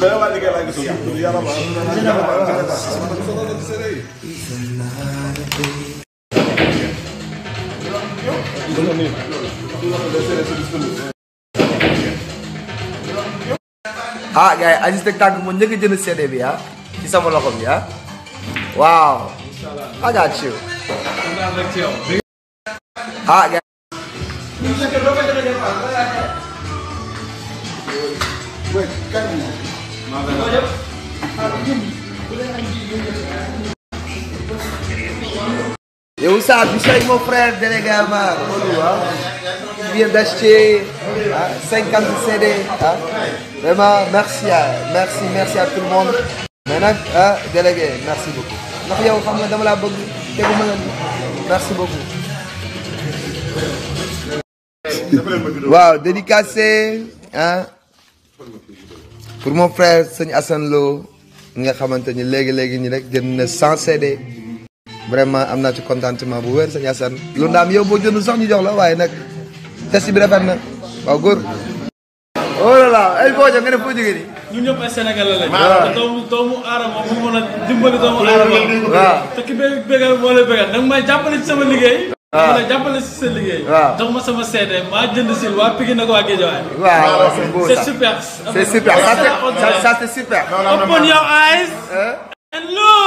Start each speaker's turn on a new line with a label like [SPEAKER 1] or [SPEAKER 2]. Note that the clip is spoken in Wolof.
[SPEAKER 1] Pero vai ligar lá que ah gars yi Aziz Tech Tank moo njëkk a jënd CD ah, ci sama loxo bi ah. waaw. I ah gars Eu sabe, isso aí, meu frère, delegado, mano. Via d'acheter 50 CD. Hein? Vraiment, merci, merci, merci à tout le monde. Maintenant, ah, délégué, merci beaucoup. Ndax yow xam nga dama laa bëgg merci beaucoup. waaw pour mon frère sëñ Assane loo nga xamante ni léegi léegi nii rek jënd na 100 vraiment am naa ci contentement bu weer sëñ Assane lu ndaam yow boo jënd sax ñu jox la waaye nag bi rafet na waaw góor. Oh nga def foo jógee nii. ñun ñëpp ay Sénégalais lañu. waaw doomu doomu aadama mu mën dimbali doomu aadama. waaw may jàppale ci sama liggéey. waaw ma ne si sa liggéey. waaw jox ma sama seede maa jënd si waa Pikine ak waa Guédiawaye. waaw c'est beau ça c'est super. c'est super ça c'est super. non non non